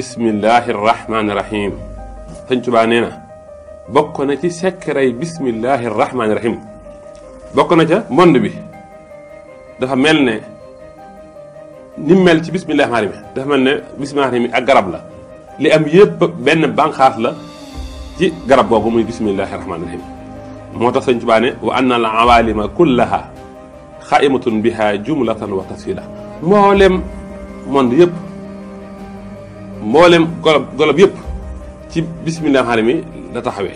بسم الله الرحمن الرحيم تنجبانينا بكونا تي سكري بسم الله الرحمن الرحيم بكونا تي موند بي دا فا ملني ني مل تي بسم الله الرحمن الرحيم دا فا ملني بسم الله الرحمن الرحيم لا لي ام ييب بن بانخاس لا تي غراب بوبو موي بسم الله الرحمن الرحيم موتا سنجباني وان العوالم كلها خائمه بها جمله وقصيده مولم موند ييب mboolem golob golob yëpp ci bisimilah xarim yi la taxawee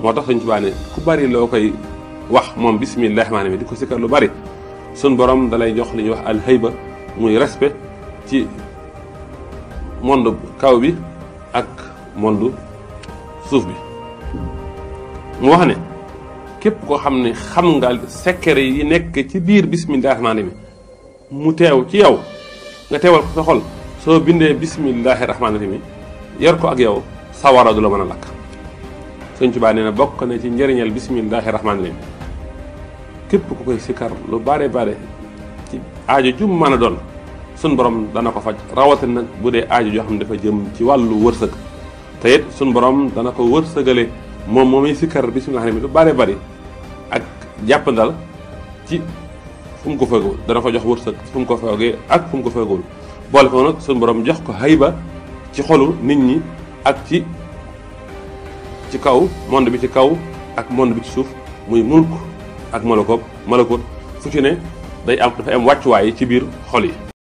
moo tax suñ ci baa ne ku bari loo koy wax moom bisimilah xarim yi di ko sikkar lu bari sun borom dalay jox li ñuy wax alhayba muy respect ci monde kaw bi ak monde suuf bi mu wax ne képp koo xam ne xam nga secret yi nekk ci biir bisimilah xarim yi mu teew ci yow nga teewal ko sa xol. soo bindee bismillahi rahmaani mi yor ko ak yow sawara du la mën a lakk sëñ Tuubaa nee na bokk na ci njariñal bismillahi rahmaani rahim képp ku koy sikkar lu bare bare ci aajo jum mën a doon sun borom dana ko faj rawatina nag bu dee aajo joo xam ne dafa jëm ci wàllu wërsëg te it sun borom dana ko wërsëgale moom moomuy sikkar bismillahi rahmaani rahim lu bare bari ak jàppandal ci fu ko feegul dana ko jox wërsëg fu ko feegee ak fu mu ko feegul boole ko nag suñu borom jox ko hayba ci xolu nit ñi ak ci ci kaw monde bi ci kaw ak monde bi ci suuf muy mulk ak malakoob malakoot fu ci ne day am dafa am wàccuwaay yi ci biir xol yi